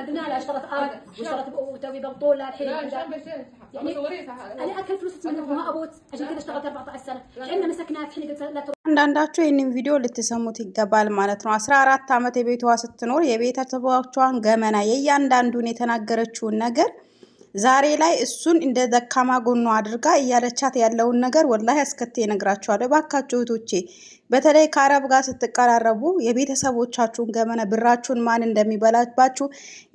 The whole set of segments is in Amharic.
انا قلنا لها اشترت ارق واشترت توي بنطوله الحين يعني انا اكل فلوس تمنى ما ابوت عشان كذا اشتغلت 14 سنه عندنا مسكناها في حين قلت لا تروح አንዳንዳቸው ይህንን ቪዲዮ ልትሰሙት ይገባል ማለት ነው። አስራ አራት ዓመት የቤቷ ስትኖር የቤተሰቦቿን ገመና የእያንዳንዱን የተናገረችውን ነገር ዛሬ ላይ እሱን እንደ ደካማ ጎኗ አድርጋ እያለቻት ያለውን ነገር ወላሂ አስከቴ እነግራችኋለሁ። እባካችሁ እህቶቼ በተለይ ከአረብ ጋር ስትቀራረቡ የቤተሰቦቻችሁን ገመነ ብራችሁን ማን እንደሚበላባችሁ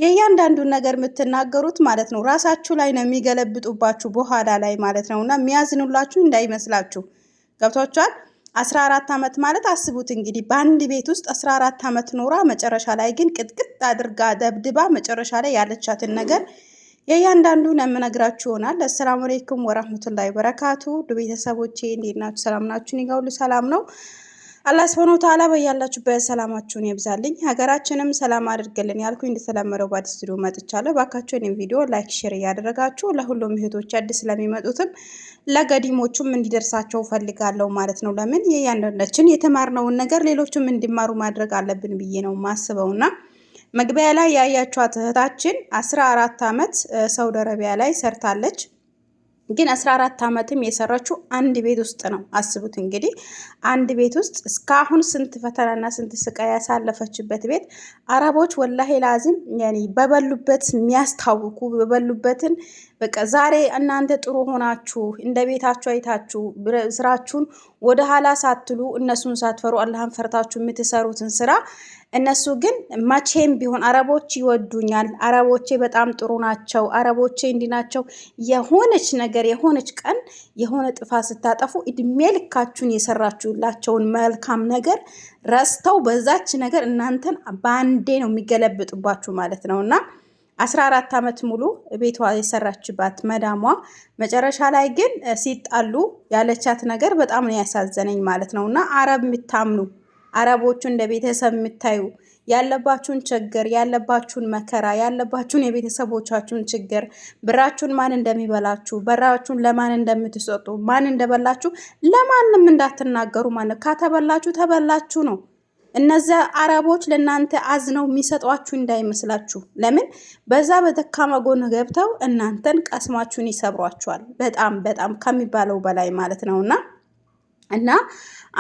የእያንዳንዱን ነገር የምትናገሩት ማለት ነው ራሳችሁ ላይ ነው የሚገለብጡባችሁ በኋላ ላይ ማለት ነው። እና የሚያዝኑላችሁ እንዳይመስላችሁ ገብቷችኋል። አስራ አራት ዓመት ማለት አስቡት እንግዲህ በአንድ ቤት ውስጥ አስራ አራት ዓመት ኖራ መጨረሻ ላይ ግን ቅጥቅጥ አድርጋ ደብድባ መጨረሻ ላይ ያለቻትን ነገር የእያንዳንዱን የምነግራችሁ ይሆናል። አሰላሙ አሌይኩም ወራህመቱላሂ ወበረካቱ ቤተሰቦቼ እንዴት ናችሁ? ሰላም ናችሁን? ይገውሉ ሰላም ነው። አላህ ሱብሓነሁ ወተዓላ በያላችሁበት ሰላማችሁን ያብዛልኝ፣ ሀገራችንም ሰላም አድርግልን ያልኩኝ እንደተለመደው በአዲስ ቪዲዮ መጥቻለሁ። ባካችሁ እኔም ቪዲዮ ላይክ፣ ሼር እያደረጋችሁ ለሁሉም እህቶች አዲስ ስለሚመጡትም ለገዲሞቹም እንዲደርሳቸው ፈልጋለሁ ማለት ነው። ለምን የእያንዳንዳችን የተማርነውን ነገር ሌሎቹም እንዲማሩ ማድረግ አለብን ብዬ ነው ማስበውና መግቢያ ላይ ያያችኋት እህታችን አስራ አራት ዓመት ሳውዲ አረቢያ ላይ ሰርታለች። ግን አስራ አራት ዓመትም የሰራችው አንድ ቤት ውስጥ ነው። አስቡት እንግዲህ አንድ ቤት ውስጥ እስካሁን ስንት ፈተናና ስንት ስቃይ ያሳለፈችበት ቤት። አረቦች ወላሂ ላዚም በበሉበት የሚያስታውኩ በበሉበትን በቃ ዛሬ እናንተ ጥሩ ሆናችሁ እንደ ቤታችሁ አይታችሁ ስራችሁን ወደ ኋላ ሳትሉ እነሱን ሳትፈሩ አላህን ፈርታችሁ የምትሰሩትን ስራ እነሱ ግን መቼም ቢሆን አረቦች ይወዱኛል፣ አረቦቼ በጣም ጥሩ ናቸው፣ አረቦቼ እንዲህ ናቸው። የሆነች ነገር የሆነች ቀን የሆነ ጥፋት ስታጠፉ እድሜ ልካችሁን የሰራችሁላቸውን መልካም ነገር ረስተው በዛች ነገር እናንተን በአንዴ ነው የሚገለብጡባችሁ ማለት ነው እና አስራ አራት ዓመት ሙሉ ቤቷ የሰራችባት መዳሟ መጨረሻ ላይ ግን ሲጣሉ ያለቻት ነገር በጣም ነው ያሳዘነኝ ማለት ነው። እና አረብ የምታምኑ አረቦቹ እንደ ቤተሰብ የምታዩ ያለባችሁን ችግር፣ ያለባችሁን መከራ፣ ያለባችሁን የቤተሰቦቻችሁን ችግር፣ ብራችሁን ማን እንደሚበላችሁ፣ በራችሁን ለማን እንደምትሰጡ፣ ማን እንደበላችሁ ለማንም እንዳትናገሩ ማለት ካተበላችሁ ተበላችሁ ነው። እነዚ አረቦች ለእናንተ አዝነው የሚሰጧችሁ እንዳይመስላችሁ። ለምን በዛ በደካማ ጎን ገብተው እናንተን ቀስማችሁን ይሰብሯችኋል። በጣም በጣም ከሚባለው በላይ ማለት ነውና እና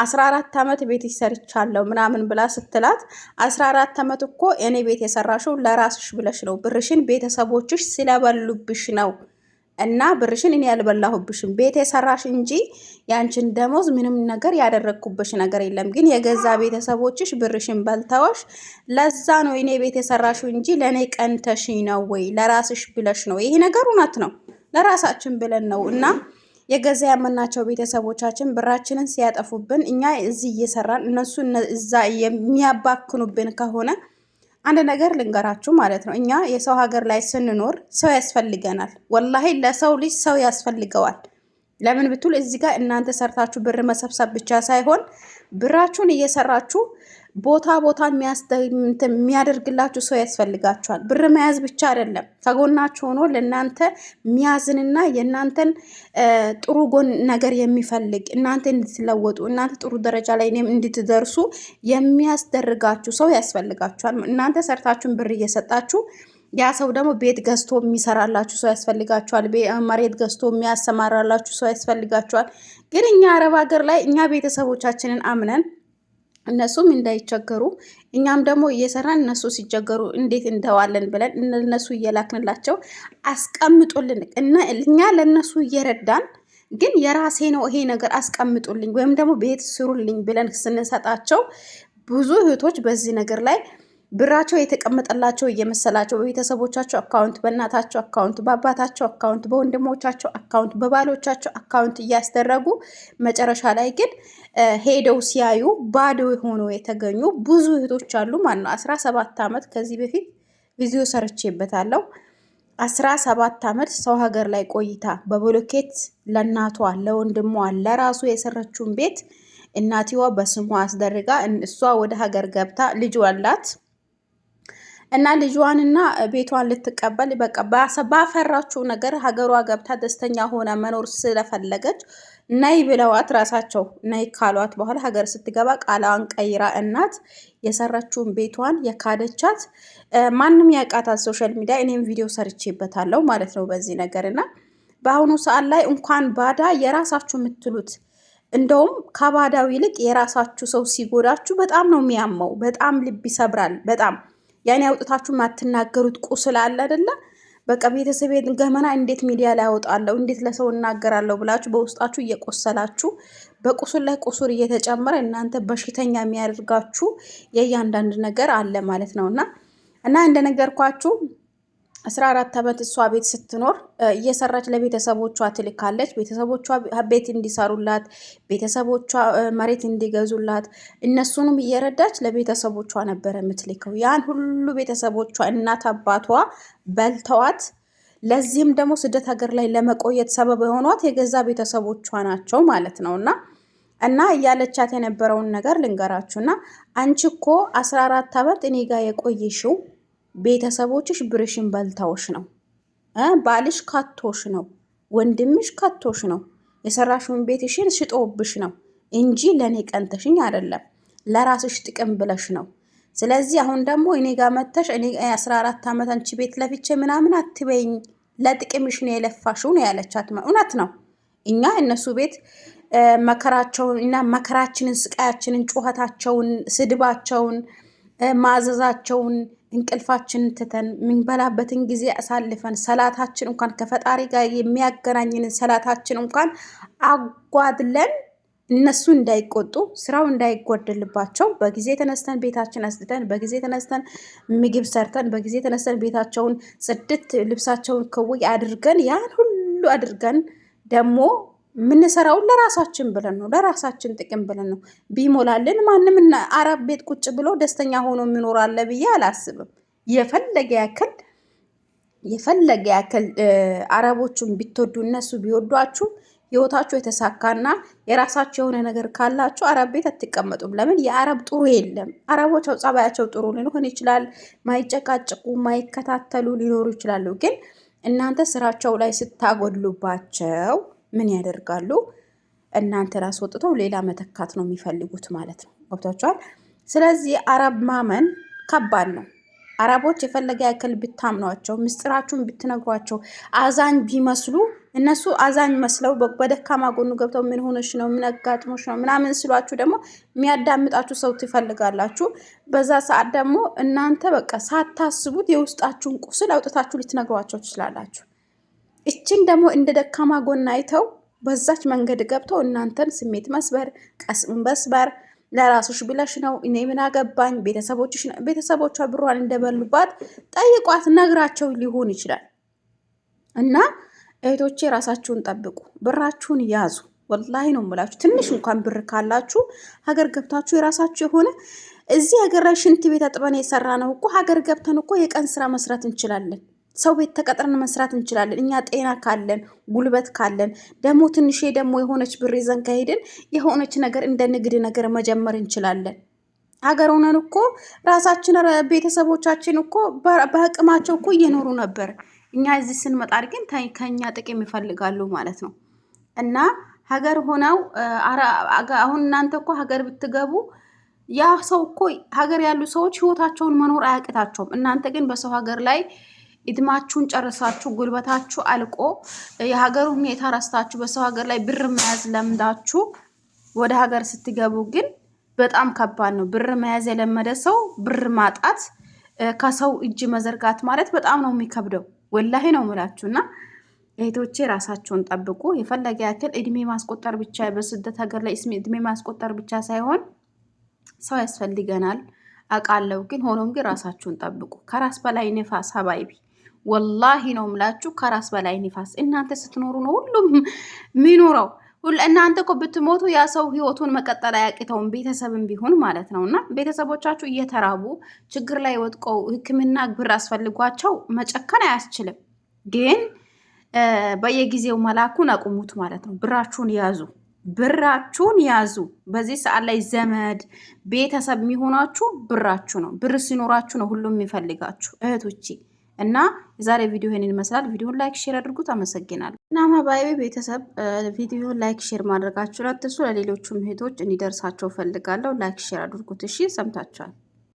አስራ አራት ዓመት ቤት ይሰርቻለሁ ምናምን ብላ ስትላት፣ አስራ አራት ዓመት እኮ እኔ ቤት የሰራሽው ለራስሽ ብለሽ ነው፣ ብርሽን ቤተሰቦችሽ ስለበሉብሽ ነው እና ብርሽን እኔ ያልበላሁብሽም ቤት የሰራሽ እንጂ ያንቺን ደሞዝ ምንም ነገር ያደረግኩበሽ ነገር የለም። ግን የገዛ ቤተሰቦችሽ ብርሽን በልተወሽ፣ ለዛ ነው እኔ ቤት የሰራሽ እንጂ ለእኔ ቀንተሽ ነው ወይ ለራስሽ ብለሽ ነው? ይሄ ነገር እውነት ነው። ለራሳችን ብለን ነው እና የገዛ ያመናቸው ቤተሰቦቻችን ብራችንን ሲያጠፉብን እኛ እዚህ እየሰራን እነሱ እዛ የሚያባክኑብን ከሆነ አንድ ነገር ልንገራችሁ ማለት ነው። እኛ የሰው ሀገር ላይ ስንኖር ሰው ያስፈልገናል። ወላሂ ለሰው ልጅ ሰው ያስፈልገዋል። ለምን ብትል እዚህ ጋር እናንተ ሰርታችሁ ብር መሰብሰብ ብቻ ሳይሆን ብራችሁን እየሰራችሁ ቦታ ቦታ የሚያደርግላችሁ ሰው ያስፈልጋችኋል። ብር መያዝ ብቻ አይደለም፣ ከጎናችሁ ሆኖ ለእናንተ የሚያዝንና የእናንተን ጥሩ ጎን ነገር የሚፈልግ እናንተ እንድትለወጡ እናንተ ጥሩ ደረጃ ላይ እንድትደርሱ የሚያስደርጋችሁ ሰው ያስፈልጋችኋል። እናንተ ሰርታችሁን ብር እየሰጣችሁ ያ ሰው ደግሞ ቤት ገዝቶ የሚሰራላችሁ ሰው ያስፈልጋችኋል። መሬት ገዝቶ የሚያሰማራላችሁ ሰው ያስፈልጋችኋል። ግን እኛ አረብ ሀገር ላይ እኛ ቤተሰቦቻችንን አምነን እነሱም እንዳይቸገሩ እኛም ደግሞ እየሰራን እነሱ ሲቸገሩ እንዴት እንተዋለን ብለን እነሱ እየላክንላቸው አስቀምጡልን እና እኛ ለእነሱ እየረዳን ግን የራሴ ነው ይሄ ነገር አስቀምጡልኝ ወይም ደግሞ ቤት ስሩልኝ ብለን ስንሰጣቸው ብዙ እህቶች በዚህ ነገር ላይ ብራቸው የተቀመጠላቸው እየመሰላቸው በቤተሰቦቻቸው አካውንት፣ በእናታቸው አካውንት፣ በአባታቸው አካውንት፣ በወንድሞቻቸው አካውንት፣ በባሎቻቸው አካውንት እያስደረጉ መጨረሻ ላይ ግን ሄደው ሲያዩ ባዶ ሆኖ የተገኙ ብዙ እህቶች አሉ። ነው። አስራ ሰባት ዓመት ከዚህ በፊት ቪዲዮ ሰርቼበታለሁ። አስራ ሰባት ዓመት ሰው ሀገር ላይ ቆይታ በብሎኬት ለእናቷ ለወንድሟ ለራሱ የሰረችውን ቤት እናትዋ በስሟ አስደርጋ እሷ ወደ ሀገር ገብታ ልጅ አላት። እና ልጇንና ቤቷን ልትቀበል በቃ ባፈራችው ነገር ሀገሯ ገብታ ደስተኛ ሆነ መኖር ስለፈለገች ናይ ብለዋት ራሳቸው ናይ ካሏት በኋላ ሀገር ስትገባ ቃላዋን ቀይራ እናት የሰራችውን ቤቷን የካደቻት ማንም ያውቃታት ሶሻል ሚዲያ። እኔም ቪዲዮ ሰርቼበታለሁ ማለት ነው በዚህ ነገር እና በአሁኑ ሰዓት ላይ እንኳን ባዳ የራሳችሁ የምትሉት እንደውም ከባዳው ይልቅ የራሳችሁ ሰው ሲጎዳችሁ በጣም ነው የሚያመው። በጣም ልብ ይሰብራል። በጣም ያኔ አውጥታችሁ ማትናገሩት ቁስል አለ አይደለ? በቃ ቤተሰብ ገመና እንዴት ሚዲያ ላይ ያወጣለሁ እንዴት ለሰው እናገራለሁ ብላችሁ በውስጣችሁ እየቆሰላችሁ በቁስል ላይ ቁስል እየተጨመረ እናንተ በሽተኛ የሚያደርጋችሁ የእያንዳንድ ነገር አለ ማለት ነው እና እና እንደነገርኳችሁ አስራ አራት ዓመት እሷ ቤት ስትኖር እየሰራች ለቤተሰቦቿ ትልካለች። ቤተሰቦቿ ቤት እንዲሰሩላት፣ ቤተሰቦቿ መሬት እንዲገዙላት፣ እነሱንም እየረዳች ለቤተሰቦቿ ነበረ የምትልከው። ያን ሁሉ ቤተሰቦቿ እናት አባቷ በልተዋት፣ ለዚህም ደግሞ ስደት ሀገር ላይ ለመቆየት ሰበብ የሆኗት የገዛ ቤተሰቦቿ ናቸው ማለት ነው እና እና እያለቻት የነበረውን ነገር ልንገራችሁ እና አንቺ እኮ አስራ አራት ዓመት እኔ ጋር የቆየሽው ቤተሰቦችሽ ብርሽን በልታዎች ነው። ባልሽ ካቶሽ ነው። ወንድምሽ ካቶሽ ነው። የሰራሽውን ቤትሽን ሽጦብሽ ነው እንጂ ለእኔ ቀንተሽኝ አይደለም። ለራስሽ ጥቅም ብለሽ ነው። ስለዚህ አሁን ደግሞ እኔ ጋር መተሽ እኔ አስራ አራት ዓመት አንቺ ቤት ለፍቼ ምናምን አትበይኝ። ለጥቅምሽ ነው የለፋሽው ነው ያለቻት። እውነት ነው። እኛ እነሱ ቤት መከራቸውን እና መከራችንን፣ ስቃያችንን፣ ጩኸታቸውን፣ ስድባቸውን፣ ማዘዛቸውን እንቅልፋችንን ትተን የምንበላበትን ጊዜ አሳልፈን ሰላታችን እንኳን ከፈጣሪ ጋር የሚያገናኝንን ሰላታችን እንኳን አጓድለን እነሱ እንዳይቆጡ ስራው እንዳይጎደልባቸው በጊዜ ተነስተን ቤታችን አስድተን በጊዜ ተነስተን ምግብ ሰርተን በጊዜ ተነስተን ቤታቸውን ጽድት ልብሳቸውን ክውይ አድርገን ያን ሁሉ አድርገን ደግሞ የምንሰራውን ለራሳችን ብለን ነው፣ ለራሳችን ጥቅም ብለን ነው። ቢሞላልን ማንም አረብ ቤት ቁጭ ብሎ ደስተኛ ሆኖ አለ ብዬ አላስብም። የፈለገ ያክል የፈለገ ያክል አረቦቹን ቢትወዱ እነሱ ቢወዷችሁ ህይወታችሁ የተሳካና የራሳችሁ የሆነ ነገር ካላችሁ አረብ ቤት አትቀመጡም። ለምን የአረብ ጥሩ የለም። አረቦች ጸባያቸው ጥሩ ሊሆን ይችላል። ማይጨቃጭቁ ማይከታተሉ ሊኖሩ ይችላሉ። ግን እናንተ ስራቸው ላይ ስታጎድሉባቸው ምን ያደርጋሉ? እናንተ ራስ ወጥተው ሌላ መተካት ነው የሚፈልጉት ማለት ነው። ገብቷችኋል? ስለዚህ አረብ ማመን ከባድ ነው። አረቦች የፈለገ ያክል ብታምኗቸው፣ ምስጢራችሁን ብትነግሯቸው፣ አዛኝ ቢመስሉ እነሱ አዛኝ መስለው በደካማ ጎኑ ገብተው ምን ሆነሽ ነው ምን አጋጥሞሽ ነው ምናምን ስሏችሁ ደግሞ የሚያዳምጣችሁ ሰው ትፈልጋላችሁ። በዛ ሰዓት ደግሞ እናንተ በቃ ሳታስቡት የውስጣችሁን ቁስል አውጥታችሁ ልትነግሯቸው ትችላላችሁ። እችን ደግሞ እንደ ደካማ ጎን አይተው በዛች መንገድ ገብተው እናንተን ስሜት መስበር ቀስም መስበር ለራሱሽ ብለሽ ነው። እኔ ምን አገባኝ? ቤተሰቦቿ ብሯን እንደበሉባት ጠይቋት ነግራቸው ሊሆን ይችላል። እና እህቶቼ ራሳችሁን ጠብቁ፣ ብራችሁን ያዙ። ወላሂ ነው የምላችሁ። ትንሽ እንኳን ብር ካላችሁ ሀገር ገብታችሁ የራሳችሁ የሆነ እዚህ ሀገር ላይ ሽንት ቤት አጥበን የሰራ ነው እኮ ሀገር ገብተን እኮ የቀን ስራ መስራት እንችላለን። ሰው ቤት ተቀጥረን መስራት እንችላለን። እኛ ጤና ካለን ጉልበት ካለን ደግሞ ትንሽ ደግሞ የሆነች ብር ይዘን ከሄድን የሆነች ነገር እንደ ንግድ ነገር መጀመር እንችላለን። ሀገር ሆነን እኮ ራሳችን ቤተሰቦቻችን እኮ በአቅማቸው እኮ እየኖሩ ነበር። እኛ እዚህ ስንመጣ ግን ከእኛ ጥቅም ይፈልጋሉ ማለት ነው እና ሀገር ሆነው አሁን እናንተ እኮ ሀገር ብትገቡ ያ ሰው እኮ ሀገር ያሉ ሰዎች ህይወታቸውን መኖር አያቅታቸውም። እናንተ ግን በሰው ሀገር ላይ እድማችሁን ጨርሳችሁ ጉልበታችሁ አልቆ የሀገር ሁኔታ ረስታችሁ በሰው ሀገር ላይ ብር መያዝ ለምዳችሁ ወደ ሀገር ስትገቡ ግን በጣም ከባድ ነው። ብር መያዝ የለመደ ሰው ብር ማጣት ከሰው እጅ መዘርጋት ማለት በጣም ነው የሚከብደው። ወላሂ ነው ምላችሁ እና እህቶቼ ራሳቸውን ጠብቁ። የፈለገ ያክል እድሜ ማስቆጠር ብቻ በስደት ሀገር ላይ እድሜ ማስቆጠር ብቻ ሳይሆን ሰው ያስፈልገናል አውቃለሁ። ግን ሆኖም ግን ራሳቸውን ጠብቁ። ከራስ በላይ ነፋስ ሀባይቢ ወላሂ ነው የምላችሁ፣ ከራስ በላይ ኒፋስ። እናንተ ስትኖሩ ነው ሁሉም የሚኖረው። እናንተ እኮ ብትሞቱ ያ ሰው ህይወቱን መቀጠል አያቅተውም፣ ቤተሰብም ቢሆን ማለት ነው። እና ቤተሰቦቻችሁ እየተራቡ ችግር ላይ ወጥቀው ሕክምና ብር አስፈልጓቸው መጨከን አያስችልም። ግን በየጊዜው መላኩን አቁሙት ማለት ነው። ብራችሁን ያዙ፣ ብራችሁን ያዙ። በዚህ ሰዓት ላይ ዘመድ ቤተሰብ የሚሆናችሁ ብራችሁ ነው። ብር ሲኖራችሁ ነው ሁሉም የሚፈልጋችሁ እህቶቼ እና የዛሬ ቪዲዮ ይህን ይመስላል። ቪዲዮን ላይክ ሼር አድርጉት። አመሰግናለሁ። እና ባይቤ ቤተሰብ ቪዲዮን ላይክ ሼር ማድረጋችሁን አትርሱ። ለሌሎቹም እህቶች እንዲደርሳቸው ፈልጋለሁ። ላይክ ሼር አድርጉት። እሺ ሰምታችኋል።